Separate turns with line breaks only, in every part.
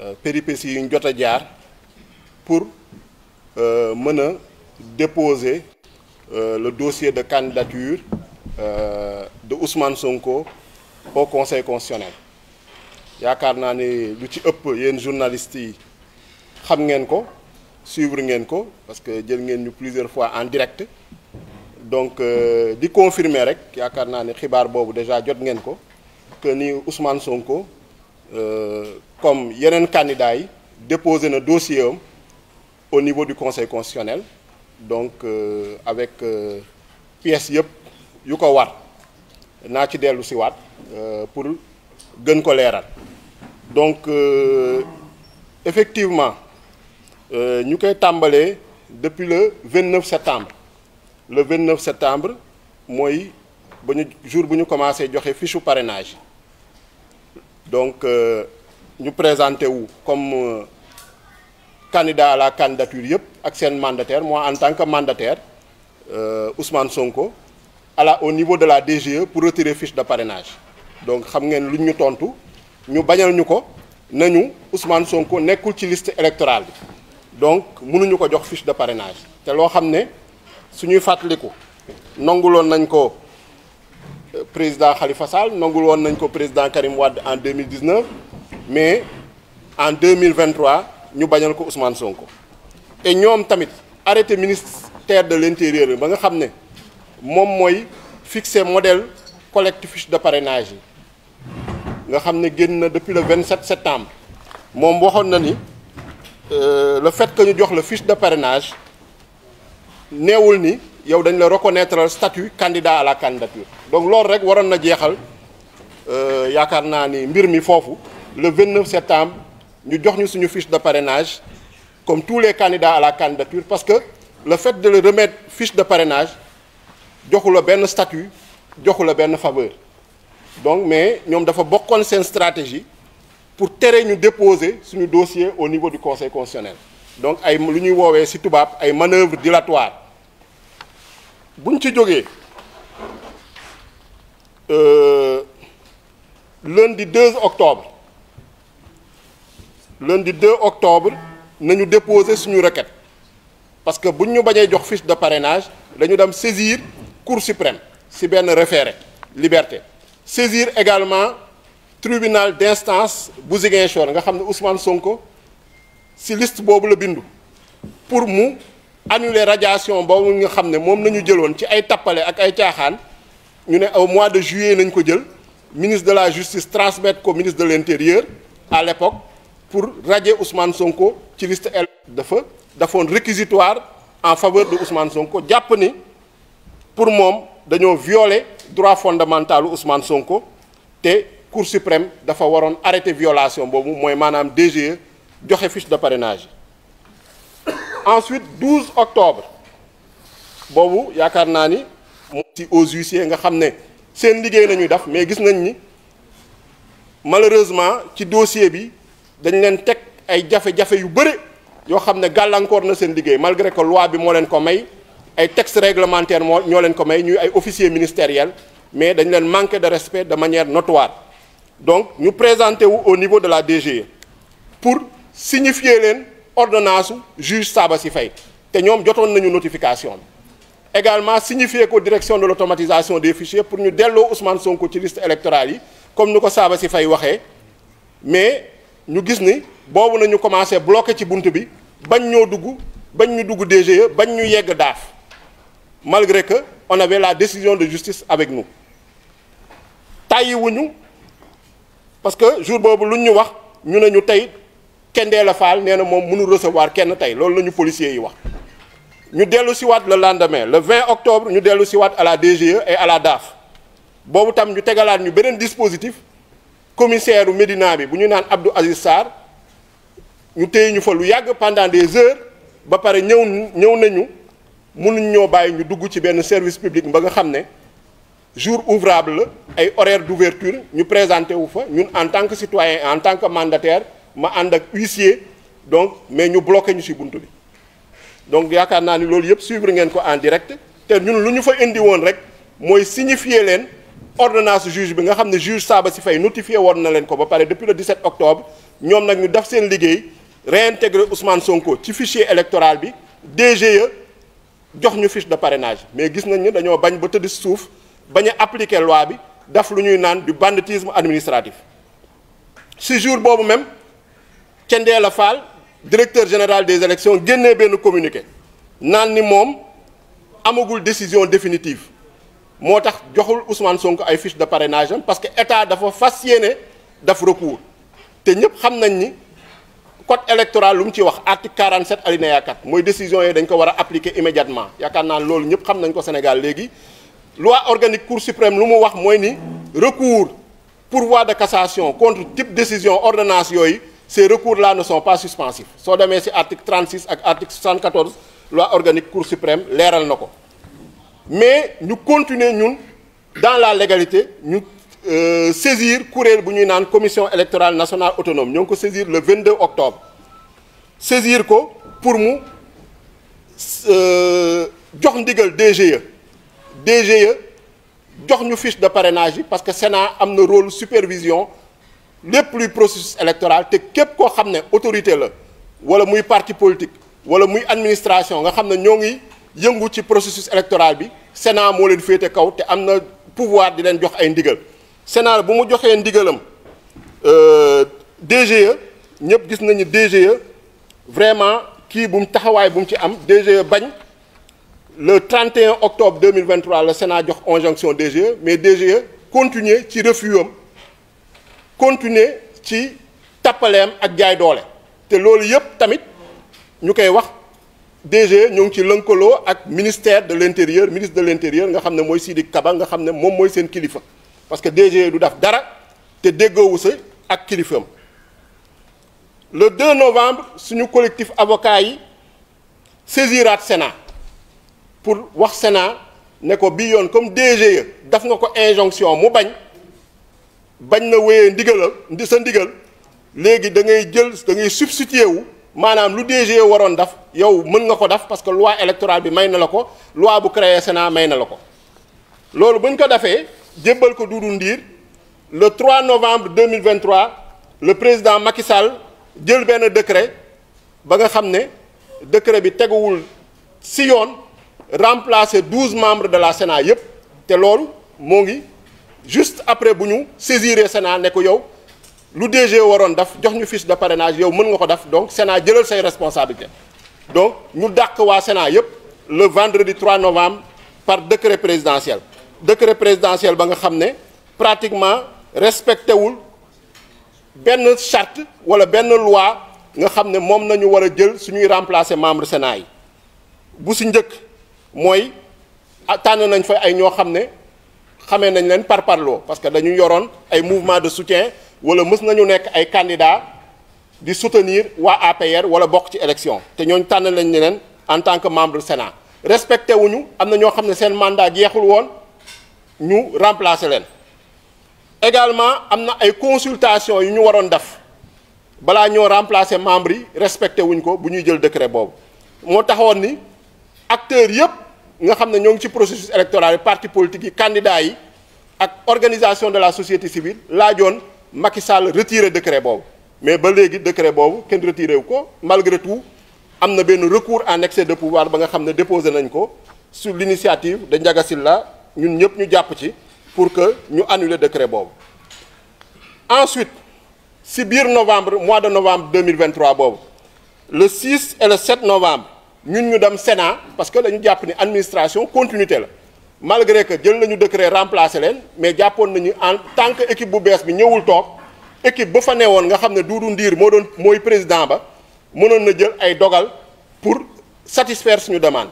Euh, péripéties yi ñu jot a pour euh, mën a déposer euh, le dossier de candidature de Ousmane Sonko au conseil constitutionnel yaakaar naa ni lu ci ëpp yéen journalistes yi xam ngeen ko suivre ngeen ko parce que jël ngeen ñu plusieurs fois en direct donc di confirmer rek yaakaar naa ni xibaar boobu déjà jot ngeen ko que ni Ousmane Sonko. Euh, comme Yeren candidat déposer déposé un dossier au niveau du conseil constitutionnel donc euh, avec euh, pièce yëpp yu pour gën ko donc effectivement nous depuis le 29 septembre le 29 septembre moi le où jour nous commençons commencé faire parrainage donc nous euh, présentons présentons comme euh, candidat à la candidature action mandataire moi en tant que mandataire euh, Ousmane Sonko à la au niveau de la DGE pour retirer fiche de parrainage donc nous ngeen ce Nous nous ñu Nous nous Ousmane Sonko n'est liste électorale donc nous avons jox fiche de parrainage Nous avons xam nous avons fàttaliku nous nañ ko président Khalifa Sall nous avons eu le président Karim Wad en 2019 mais en 2023 nous bañal ko Ousmane Sonko et nous tamit arrêté le ministère de l'intérieur Nous avons fixé le modèle collectif de parrainage Nous nga xam depuis le 27 septembre nous avons na euh, le fait que nous ayons le fiche de parrainage ni yow dañ reconnaître reconnaître statut candidat à la candidature donc rek avons il y le 29 septembre nous avons une fiche de parrainage comme tous les candidats à la candidature parce que le fait de le remettre fiche de parrainage le statut le faveur donc mais nous avons beaucoup de stratégie pour déposer ce dossier au niveau du conseil constitutionnel donc nous avons une buñ ci euh, lundi 2 octobre lundi 2 octobre nañu déposer suñu requête parce que si nous avons jox fiche de parrainage dañu dem saisir cour suprême ci benn référé liberté saisir également tribunal d'instance bu Ziguinchor nga Ousmane Sonko ci liste boobu pour nous annuler radiation bo la radiation, ci ay tapalé ak ay tiaxan ñu né au mois de juillet nañ ko jël ministre de la justice transmettre ko ministre de l'intérieur à l'époque pour radier Ousmane Sonko ci liste L dafa un réquisitoire en faveur de Ousmane Sonko japp ni pour mom dañoo violer droit fondamental Ousmane Sonko té Cour suprême dafa waroon arrêter violation boobu mooy maanaam DGE joxe fiche de parrainage ensuite 12 octobre bobu yakarna ni moom ci aux huissiers nga xamné sen liguey lañuy nañuy def mais gis nañ ni malheureusement ci dossier bi dañ leen tek ay jafé jafé yu bëri yo xamné galancor na sen liguey malgré que loi bi mo leen ko may ay textes réglementaires mo ñoo leen ko may ñuy ay officiers ministériels mais dañ leen manqué de respect de manière notoire donc ñu présenté wu au niveau de la DG e pour signifier leen ordonnance juge Sabassy Faye nous ñoom jotoon notification également signifier ko direction de l'automatisation des fichiers pour ñu nous Ousmane Sonko ci liste électorale comme nous avons Sabassy Faye mais ñu gis ni nous nañu commencé à ci bunt bi bañ ñoo dugg bañ avons dugg DGE bañ ñu yegg DAF malgré que on avait la décision de justice avec nous nous, parce que jour où nous avons nous ñu ne ñu Kendé la Fall néna na moom mënu recevoir kenn tay loolu lañu policier policiers yi wax ñu ci wat le lendemain le 20 octobre ñu ci wat à la DGE et à la DAF bobu tam ñu tégalat ñu beneen dispositif commissaire u Médina bi bu ñu nane Abdou Aziz Sarr ñu téye ñu fa lu yagg pendant des heures ba paré ñew ñew nañu mënu ñoo bay ñu dugg ci benn service public ba nga xam jour ouvrable et ay horaire d'ouverture ñu présenté wu fa ñun en tant que citoyen en tant que mandataire ma ànd ak huissier donc mais ñu bloqué ñu ci buntu bi donc yaakaar naa ni loolu yëpp suivre ngeen ko en direct te ñun lu ñu fa indi woon rek mooy signifier leen ordonnance juge bi nga xam ne juge Sabassy fay notifié woon na leen ko ba pare depuis le 17 octobre ñoom nag ñu def seen liggéey réintégrer Ousmane Sonko ci fichier électoral bi DGE jox ñu fiche de parrainage mais gis nañ ni dañoo bañ ba tëdd suuf bañ a appliquer loi bi daf lu ñuy naan du banditisme administratif ce jour boobu même. Thiendella Fall directeur général des élections génnee benn communiqué naan a pas amagul décision définitive Il tax joxul Ousmane Sonko ay fiche de parrainage parce que état dafa fasciné yéene daf recours Et nous savons que ni code électoral lu ci wax article 47 alinéa 4 une décision yi dañ ko war appliquer immédiatement yaakaar naa loolu ñëpp xam nañ ko Sénégal léegi loi organique cour suprême lu mu wax mooy ni recours pourvoi de cassation contre type décision ordonnance yooyu ces recours-là ne sont pas suspensifs sont demee c'est article 36 article 74 loi organique cour suprême l'air mais nous continuons, dans la légalité Nous euh, saisir le bu de la commission électorale nationale autonome Nous allons saisir le 22 octobre saisir ko pour nous, euh, jox Diggle, DGE DGE jox fiche de parrainage parce que Sénat a un rôle supervision le plus processus électoral te képp koo xam autorité la wala muy parti politique wala muy administration nga xam ne yëngu processus électoral bi Sénat mo leen fété kaw te amna pouvoir di leen jox ay ndigal Sénat bu mu joxee ndigalam euh, DGE ñep gis nañu DGE vraiment ki bu mu taxaway bu mu ci am DGE bagn le 31 octobre 2023 le Sénat jox injonction DGE mais DGE continuer ci refus continuer ci tapalem ak jaay doole te loolu yëpp tamit ñu koy wax DG ñu ngi ci lënkaloo ak ministère de l'intérieur ministre de l'intérieur nga xam moy Sidi Kaba nga xam mom moy seen kilifa parce que DG du daf dara te déggoowu sa ak kilifaam le 2 novembre suñu collectif avocat yi saisirat Sénat pour wax Sénat ne ko bi yoon comme DG daf nga ko injonction mu bañ bañ na wéyee ndigal ndi sa ndigal légui da ngay jël da ngay substituer wu manam lu DG waron daf yow mën nga ko daf parce que loi électorale bi may na la loi bu créé Sénat may na la ko loolu buñ ko dafé djébal ko Doudou Ndir le 3 novembre 2023 le président Macky Sall djël benn décret ba nga xamné décret bi teguwul si yoon remplacer 12 membres de la Sénat yépp té loolu mo ngi juste après bu saisir le Sénat ne ko yow lu DG daf jox ñu de parrainage yow le nga ko donc Sénat jëlal say responsabilité donc nous avons Sénat le vendredi 3 novembre par décret présidentiel décret présidentiel ba nga pratiquement respecté wul charte ou une loi nga nous ne nañu war a jël suñuy remplacer membre Sénat yi bu si njëkk mooy tànn nañ avons ay ñoo xamé nañ leen par parlo parce que dañu yoron ay mouvement de soutien wala mës nañu nek ay candidats di soutenir wa APR wala bok ci élection té ñooñu tànn lañ ne leen en tant que membre du Sénat respecté wuñu amna ño xamné sen ne seen mandat jeexul woon ñu remplacer leen également amna ay consultation yu ñu waron def bala ñoo remplacer membres yi respecté wuñ ko bu ñuy jël décret boobu moo taxoon ni acteur yépp nous avons le processus électoral les parti politique yi candidats yi de la société civile là Macky Sall retiré décret mais ba léegi décret retiré malgré tout am eu un recours en excès de pouvoir ba nous avons déposé nañ sur l'initiative de Ndiaga Silla. Nous avons ñu pour que ñu annuler décret ensuite le biir novembre mois de novembre 2023 le 6 et le 7 novembre sommes ñu dem Sénat parce que nous avons ni administration continuité malgré que nous nañu décret remplacé mais nous avons en tant que équipe bu avons bi ñëwul toog équipe ba fa newoon nga xam ne Doudou Ndir moo président ba mënoon na jël ay dogal pour satisfaire nos demandes.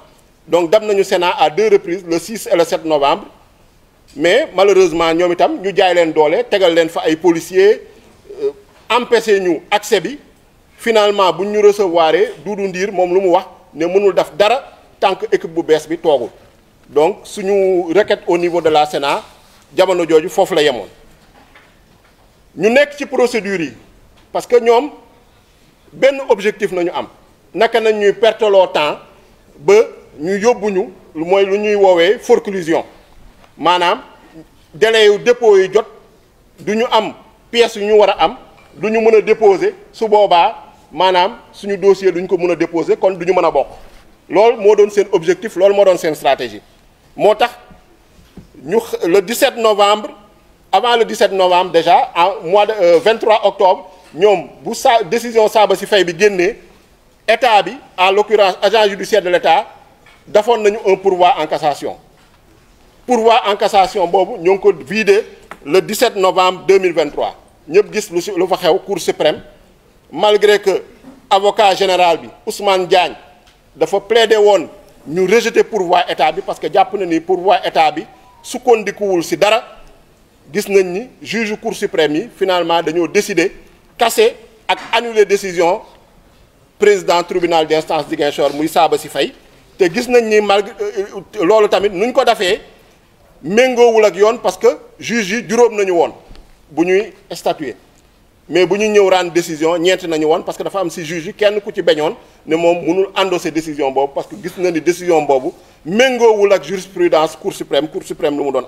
donc nous nañu Sénat à deux reprises le 6 et le 7 novembre mais malheureusement nous itam ñu jaay nous avons tegal les fa ay policiers euh, empêché ñu accès bi finalement nous nous recevoir Doudou Ndir moom lu mu wax ne mënul def dara tant que équipe bu bees bi toogul donc suñu requête au niveau de la Sénat jamono jooju fofu la yemoon ñu nek ci procédure yi parce que ñom ben objectif nañu am naka nañ ñuy perteloo temps ba ñu yobbuñu lu mooy lu ñuy woowee forclusion manam délai yu dépôt yi jot duñu am pièce yu ñu wara am duñu mëna déposer su boba Madame, suñu dossier duñ ko mëna déposé déposer kon duñu nous bok lool mo doon sen objectif lool mo doon stratégie motax le 17 novembre avant le 17 novembre déjà en mois de 23 euh, octobre nous bu sa décision de si fay bi génné en l'occurrence agent judiciaire de l'état dafon nañu un pourvoi en cassation pourvoi en cassation nous avons vidé le 17 novembre 2023 Nous gis le lu fa cour suprême malgré que l'avocat général Ousmane Diagne ait plaider won, nous rejeter pourvoi état bi parce que jàpp na ni pourvoi état bi coup, ci dara gis nañ ni juge cour suprême a finalement nous décider casser et annuler décision président du tribunal d'instance de muy Sabassy Faye Et nous avons ni malgré peu tamit nuñ ko ak parce que le juge yi juróom nañu woon mais si nous avons une décision ñeent nañu woon parce que la femme, si juge yi kenn ku ci ne peut mënul endosser décision parce que gis na une décision pas avons la jurisprudence cour suprême La cour suprême nous mu doon